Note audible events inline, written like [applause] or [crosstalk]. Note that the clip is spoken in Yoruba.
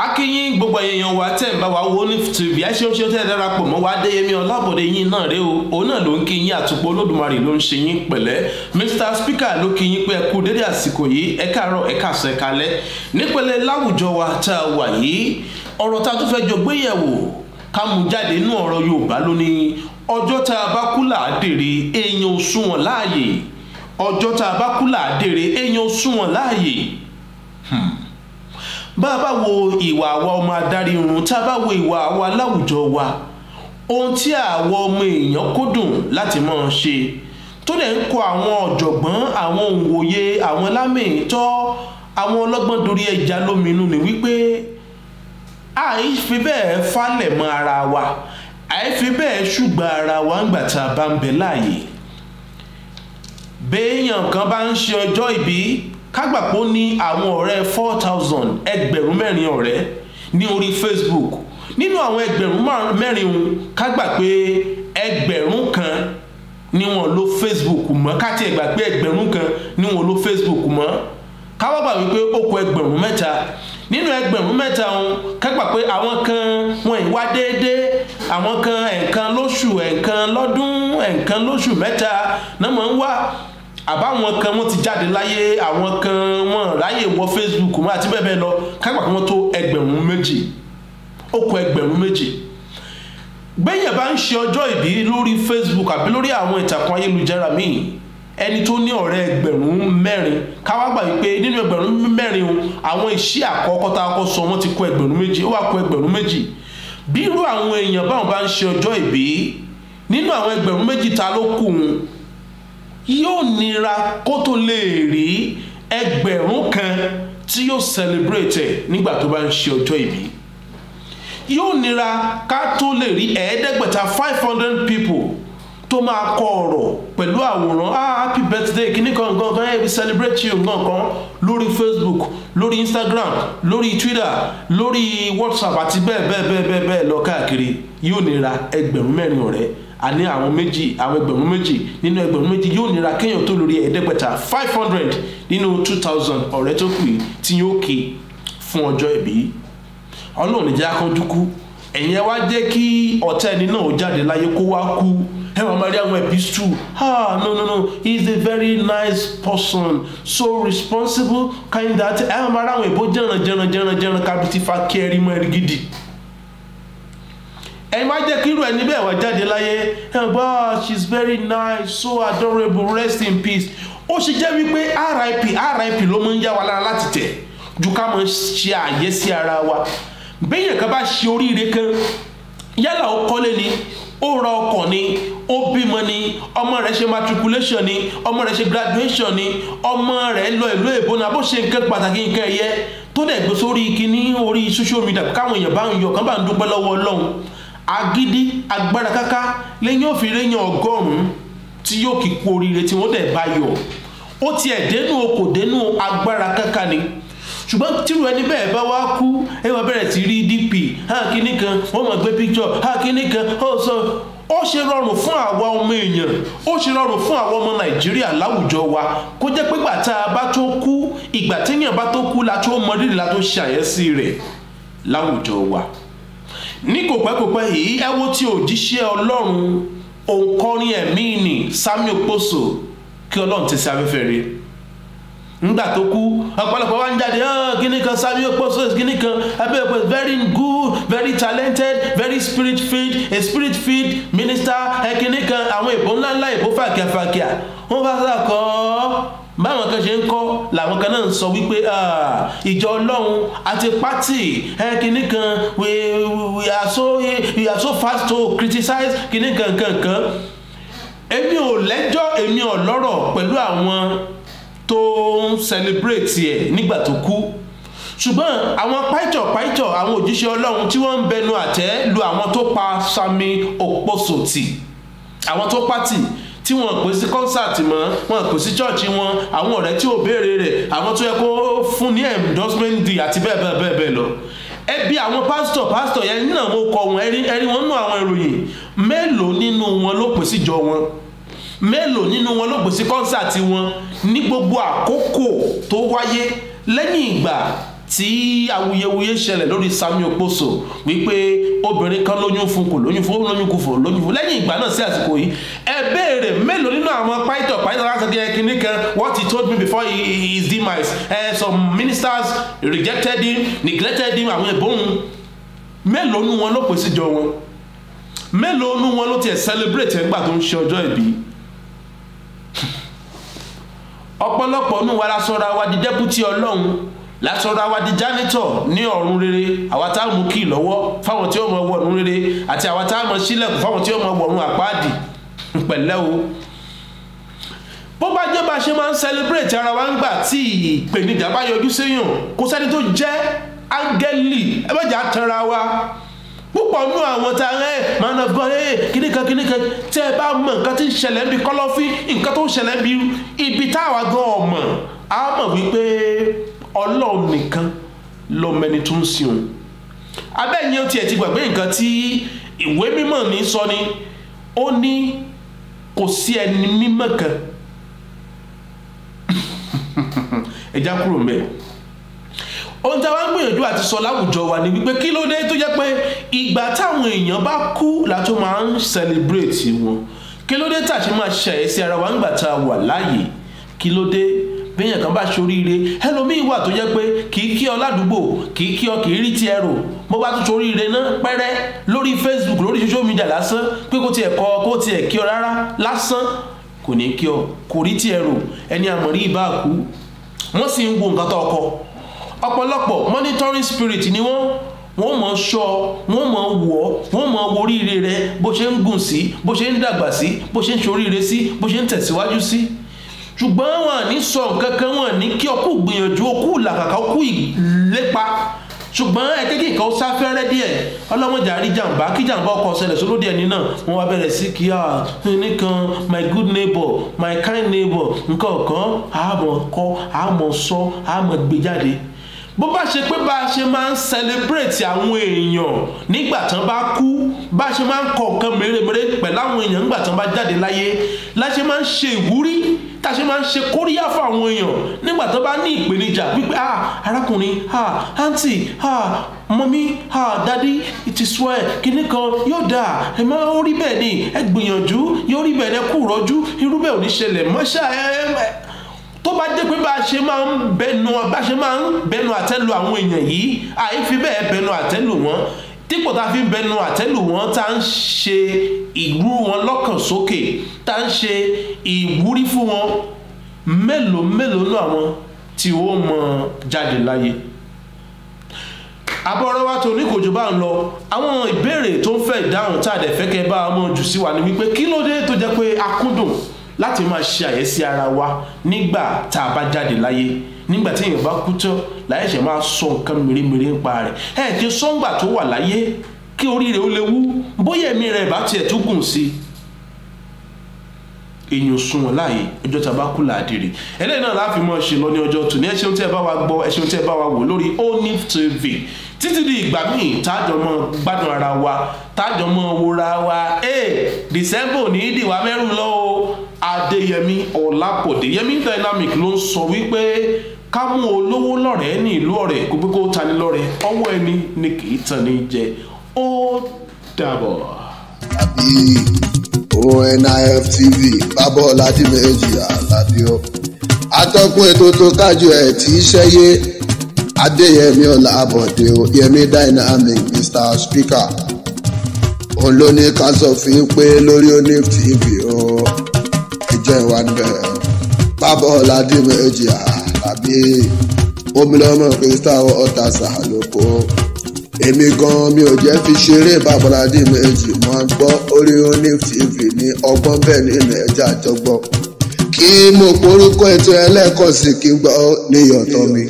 akínyìn gbogbo èèyàn wa tẹ̀ ń bá wa wo ní tìbí ẹ ṣe ó ṣe tẹ́ ẹ darapọ̀ mọ́ wa adéyẹmí ọlábọ̀dé yín náà rèé o òun náà ló ń kí yín àtúpọ̀ olódùmarè ló ń ṣe yín pẹ̀lẹ́ mr speaker ló kí yín pé ẹ kú dédé àsìkò yìí ẹ káàárọ̀ ẹ káàsán ẹ kalẹ́ nípele láwùjọ wa tá a wà yìí ọ̀rọ̀ tá a tún fẹ́ jọ gbéyẹ̀wò ká mú jáde inú ọ̀rọ̀ yorùbá lónìí ọjọ́ tá a bá kú làádèrè èèyàn ò láàyè ọjọ́ tá a bá kú làádèrè èèyàn ò láàyè. Hmm bá a bá wo ìwà àwa ọmọ adarí irun tá a bá wo ìwà àwa láwùjọ wa ohun tí àwa ọmọ èèyàn kúndùn láti máa ṣe tó dẹ̀ ń kọ àwọn ọ̀jọ̀gbọ́n àwọn òǹwòye àwọn lámìtọ́ àwọn ọlọ́gbọ́n dorí ẹja lóminú ni wípé àìfi bẹ́ẹ̀ falẹ̀ mọ́ ara wa àìfi bẹ́ẹ̀ ṣùgbọ́n ara wa ń gbà tá a bá ń bẹ láàyè béèyàn kan bá ń ṣe ọjọ́ ìbí kágbàpọ̀ ní àwọn ọ̀rẹ́ four thousand ẹgbẹ̀rún mẹ́rin ọ̀rẹ́ ní orí facebook nínú àwọn ẹgbẹ̀rún mẹ́rin òun kágbà pé ẹgbẹ̀rún kan ni wọn lo facebook mọ́ káti ẹ̀gbà pé ẹgbẹ̀rún kan ni wọn lo facebook mọ́ káwọ́gbà wípé ó kọ ẹgbẹ̀rún mẹ́ta nínú ẹgbẹ̀rún mẹ́ta òun kágbà pé àwọn kan wọn ìwá déédéé àwọn kan ẹ̀ǹkan lóṣù ẹ̀ǹkan lọ́dún ẹ̀ǹkan lóṣù mẹ́ta náà máa ń wá àbáwọn kan wọn ti jáde láyé àwọn kan wọn ráyè wọ facebook wọn àti bẹ́ẹ̀ bẹ́ẹ̀ lọ kápá kan wọn tó ẹgbẹ̀rún méjì ó kọ ẹgbẹ̀rún méjì gbẹ̀yìn bá ń ṣe ọjọ́ ìbí lórí facebook àbí lórí àwọn ìtàkùn ayélujára míì ẹni tó ní ọ̀rẹ́ ẹgbẹ̀rún mẹ́rin káwá gbà wípé nínú ẹgbẹ̀rún mẹ́rin o àwọn ìṣí àkọ́kọ́ tá a kọ́ sọ wọ́n ti kọ ẹgbẹ̀rún méjì ó wà kọ ẹgbẹ̀rún méjì bí irú àwọn èèyàn báwọn bá ń ṣe ọjọ́ ìbí nínú àwọn ẹgbẹ̀rún méjì ta ló kù yóò nira kó tó lè rí ẹgbẹ̀rún kan tí yóò celebrate nígbà tó bá ń ṣe ọjọ́ ìbí yóò nira ká tó lè rí ẹ̀ẹ́dẹ́gbẹ̀ta five hundred people tó máa kọ ọ̀rọ̀ pẹ̀lú àwòrán ah happy birthday kìíní kan gan gan ẹ̀ẹ́dì celebrate you gan kan lórí facebook lórí instagram lórí twitter lórí whatsapp àti bẹ́ẹ̀ bẹ́ẹ̀ bẹ́ẹ̀ bẹ́ẹ̀ lọ káàkiri yóò nira ẹgbẹ̀rún mẹ́rin ọ̀rẹ́ a ní àwọn méjì àwọn ẹgbẹ̀rún méjì nínú ẹgbẹ̀rún méjì yóò nira kéèyàn tó lórí ẹ̀ẹ́dẹ́gbẹ̀ta five hundred nínú two thousand ọ̀rẹ́ tó pè tí yóò ké fún ọjọ́ ìbí ọlọ́run níjà kan dúkú ẹ̀yìn ẹ wá jẹ́ kí ọ̀tá ẹni náà ó jáde láyé kó wá kú ẹ wà máa rí àwọn ẹbí stu ah no no no he is a very nice person so responsible kind heart ẹ wà máa rí àwọn ìbò jẹranjẹranjẹranjẹran kábítí fa kí ẹ rí mọ́ ẹ rí gidi ẹ má jẹ́ kí irú ẹni bẹ́ẹ̀ wá jáde láyé ẹ bá she is very nice so adorable rest in peace ó ṣe jẹ́ wípé rip rip ló máa ń yá wa lára láti tẹ̀ ju ká máa ṣe àyè sí ara wa béèyàn kan bá ṣe oríire kan yálà ó kọ́lé ni ó ra ọkọ̀ ni ó bímọ ni ọmọ rẹ̀ ṣe matriculation ni ọmọ rẹ̀ ṣe graduation ni ọmọ rẹ̀ lọ ìlú èbó náà bó ṣe nǹkan pàtàkì nǹkan ẹ̀yẹ tó dẹ̀ gbé sórí kínní orí social media káwọn èèyàn bá ń yọ̀ kán bá ń dúpẹ́ lọ́wọ́ ọlọ́run Agidi agbára káká lẹ́yìn òfin lẹ́yìn ọgọ́rùn-ún tí yóò kí kú oríire tí wọ́n dẹ̀ bá yọ̀ ó tiẹ̀ dénú o kò dénú agbára káká ni ṣùgbọ́n tírú ẹni bẹ́ẹ̀ bá wá kú ẹ wọ́n bẹ̀rẹ̀ sí rí dp hàn kíní kan wọ́n mọ̀ gbé píkṣọ̀ hàn kíní kan ó sọ ó ṣe rọrùn fún àwa ọmọ èèyàn ó ṣe rọrùn fún àwa ọmọ nàìjíríà láwùjọ wa kó jẹ́ pé gbà tá a bá tó kú ìgbà téèyàn bá tó kú la tó mọ rírì la tó ṣàyẹ́sí rẹ̀ láwùjọ wa ní kò pẹ́kòpẹ́ yìí ẹ wo tí òjíṣẹ́ ọlọ́run òǹkọrin ẹ̀mí nì samuel poso kí ọlọ́run ti ṣe afẹ́fẹ́ rẹ̀ nígbà tó kú ọ̀pọ̀lọpọ̀ wá ń jáde kíní kan samuel poso kíní kan abẹ́ pé very good very talented very spirit filled a spirit filled minister kíní kan àwọn ìbò ńláńlá ìbò fàkíàfàkíà wọ́n bá sà kọ́ ọ́ báwọn kan ṣe ń kọ́ làwọn kan náà ń sọ wípé ìjọ ọlọ́run àti pátì kìnnì kan we are so we are so fast to criticize kìnnì kan kankan èmi ò lẹ́jọ́ èmi ò lọ́rọ̀ pẹ̀lú àwọn tó ń celebrate ẹ̀ nígbà tó kú ṣùgbọ́n àwọn pàìtọ̀ pàìtọ̀ àwọn òjíṣẹ́ ọlọ́run tí wọ́n ń bẹnu àtẹ́ lu àwọn tó pa sami òpósòtì àwọn tó pàtì tí wọn pè sí kọ́nsáàtì mọ́ wọn pè sí chọ́ọ̀chì wọn àwọn ọ̀rẹ́ tí ò béèrè rẹ̀ àwọn tó yẹ kó fún ní endorsement deal àti bẹ́ẹ̀ bẹ́ẹ̀ bẹ́ẹ̀ bẹ́ẹ̀ lọ ẹbí àwọn pásítọ̀ pásítọ̀ yẹn nínú àwọn ọkọ̀ wọn ẹrí wọn nú àwọn ìròyìn mélòó nínú wọn ló pè síjọ wọn mélòó nínú wọn ló pè sí kọ́nsáàtì wọn ní gbogbo àkókò tó wáyé lẹ́yìn ìgbà tí awuyewuye ṣẹlẹ̀ lórí sami okposo wípé obìnrin kan lóyún fún kò lóyún fún lóyún kò fò lóyún fún lẹ́yìn ìgbà náà sí àsìkò yìí ẹ béèrè mélòó nínú àwọn pàìtọ̀ pàìtọ̀ láti di ẹkìnní kan what he told me before he, his demise uh, some ministers rejected him neglected him àwọn ẹ̀bùn mélòó nu wọn ló pèsè jọ wọn mélòó nu wọn ló tiẹ̀ celebrate ẹgbà tó ń ṣe ọjọ́ ìbí [laughs] ọ̀pọ̀lọpọ̀ nu wa la sọra wa di deputy ọlọ́run látọ̀rọ̀ àwa di jánítọ̀ ní ọ̀run rere àwa tá a mú kí lọ́wọ́ fáwọn tí ó mọ wọ̀ ọ̀run rere àti àwa tá a mọ sílẹ̀kùn fáwọn tí ó mọ wọ̀ ọ̀run àpáàdì pẹ̀lẹ́ o bó bá jẹ́ bá a ṣe máa ń celebrate ara wa ń gbà tí ìpèníjà bá yọjú séyàn kò sẹ́ni tó jẹ́ áńgẹ́lì ẹ bá jà á wa púpọ̀ nú àwọn tá a rẹ̀ man of god ẹ̀ eh, kíníkan kíníkan tẹ́ ẹ bá mọ nǹkan tí ń ṣẹlẹ̀ ń bi kọ́lọ́fín nǹkan tó ń ṣẹlẹ̀ ń bi ibi táwa gan ọ̀mọ̀ á mọ̀ wípé lọ́mọ ẹni tó ń sin òun abẹ́yìn ó tiẹ̀ ti gbàgbé nǹkan tí ìwé mímọ̀ ní sọ ni ó ní kò sí ẹni mímọ̀ kan [laughs] ẹja kúrò mẹ́ẹ̀ ohun tí a wá ń gbìyànjú àti sọ láwùjọ wa ni wípé kí ló dé tó jẹ́ pé ìgbà táwọn èèyàn bá kú látó máa ń celebrate wọn kí ló dé tàṣí máa ṣàyẹ̀sí ara wa ńgbà tá a wà láàyè kí ló dé bíyàn kan bá ṣoríire ẹlòmíín wà tó jẹ́ pé kì í kí ọ ládùúgbò kì í kí ọ kì í rí ti ẹrù bó bá tún ṣoríire náà pẹ́rẹ́ lórí facebook lórí social media lásán pé kó tiẹ̀ kọ kó tiẹ̀ kí ọ rárá lásán kò ní kí ọ kò rí ti ẹrù ẹni àmọ̀rí ìbá kú wọ́n sì ń wo nǹkan tó ọkọ ọ̀pọ̀lọpọ̀ monitoring spirit ni wọ́n wọ́n mọ̀ ṣọ́ wọ́n mọ̀ wọ̀ wọ́n mọ̀ woríire rẹ bó ṣe ń gùn sí bó ṣe ń dàgbà sí bó ṣe ń ṣoríire sí bó ṣe ń tẹ̀síwájú sí. Si ṣùgbọ́n wọn ní sọ nǹkan kan wọn ní kí ọkú gbìyànjú okú làkàkà okú ìlépa ṣùgbọ́n ẹ̀kẹ́kẹ́ ìkan ó sáfẹ́rẹ́ díẹ̀ ọlọ́mọdé àríjàmbá kí jàmbá ọkọ̀ ṣẹlẹ̀ sólódì ẹni náà wọ́n wá bẹ̀rẹ̀ sí kí á nìkan my good neighbour my kind neighbour nǹkan kan àmọ̀ kọ́ àmọ̀ sọ àmọ̀ gbé jáde bó bá ṣe pé bá a ṣe máa ń celebrate àwọn èèyàn nígbà tán bá kú bá a ṣe máa ń kọ nǹkan mèremère pẹ̀lú àwọn èèyàn nígbà tán bá jáde láyé la ṣe máa ń ṣe ìwúrí a ṣe máa ń ṣe kóríyá fún àwọn èèyàn nígbà tó bá ní ìpèníjà wípé ah arákùnrin ah aunty ah mọ́mí ah dadi ti sọ ẹ̀ kíní kan yóò dà ẹ máa ó rí bẹ́ẹ̀ ni ẹ gbìyànjú yóò rí bẹ́ẹ̀ ẹ kú rọ́jú irú bẹ́ẹ̀ ò ní ṣẹlẹ̀ mọ́ṣá ẹ tó bá jẹ́ pé bá ṣe máa ń bẹnu bá ṣe máa ń bẹnu àtẹ́lu àwọn èèyàn yìí àìfi bẹ́ẹ̀ bẹnu àtẹ́lu wọn dípò tá a fi ń bẹnu àtẹ́lù wọn tá a ń ṣe ìrú wọn lọ́kàn sókè tá a ń ṣe ìwúrí fún wọn mélòó mélòó nù àwọn tí ó mọ jáde láyé abọ́rọ́ wa tó ní kò jù bá ń lọ àwọn ìbéèrè tó ń fẹ́ ìdáhùn tá a dẹ̀ fẹ́ kẹ́ bá a mọ̀ jù sí wa ni wípé kí ló dé tó jẹ́ pé akúndùn láti máa ṣe àyẹ́sí ara wa nígbà tá a bá jáde láyé nígbà tí èèyàn bá kú tán láyé ṣe máa sọ nǹkan mèremère ń pa rẹ̀ ẹ̀ ti sọ́ngbà tó wà láyé kí orí rẹ̀ ó lè wú bóyá ẹ̀mí rẹ̀ bá tiẹ̀ tó gùn sí i èèyàn sun wọn láàyè ọjọ́ tá a bá kú làádìrì eléyìí náà láàfin mọ́ ṣe lọ ní ọjọ́ tòní ẹ ṣeun tí bá wa gbọ́ ẹ ṣeun tí bá wa wò lórí onif tv títí di ìgbà míì tájọ mọ gbádùn ara wa tájọ mọ wúra wa ee december ní ìdìwà mẹ́rùn lọ́wọ́ adéyẹmí ọ̀làpọ̀dé yẹmí dynamic ló ń sọ wípé ká mú olówó lọ́rẹ̀ẹ́ ní ìlú ọ̀rẹ́ kó pé kó tani lọ́rẹ̀ẹ́ ọwọ́ ẹni ni kì í tan ní jẹ ó dàbọ̀. onif tv bábọ̀ ládìmẹ́jì àlàbíọ́ atọ́kùn ètò tó kájú ẹ̀ tí í ṣẹ́yé adéyẹmí ọ̀làbọ̀dé o yẹmí dynamic mr speaker òun ló ní ká sọ fún yín pé lórí onif tv o ẹjọ́ ìwà níbẹ̀ bábọ̀ ládìmẹ́jì àlàbíọ́ àbí omi lọ́mọ kìrìsìtà ọ̀tà sàlùkù èmi gan mi ò jẹ́ fi ṣeré babaládì méjì mọ́ gbọ́ orí oní tv ní ọgbọ́n bẹ́ẹ̀ ní nàìjà jọgbọ́n kí mo porúkọ ètò ẹlẹ́kọ̀ọ́sì kí n gbọ́ níyọ̀tọ̀ mi.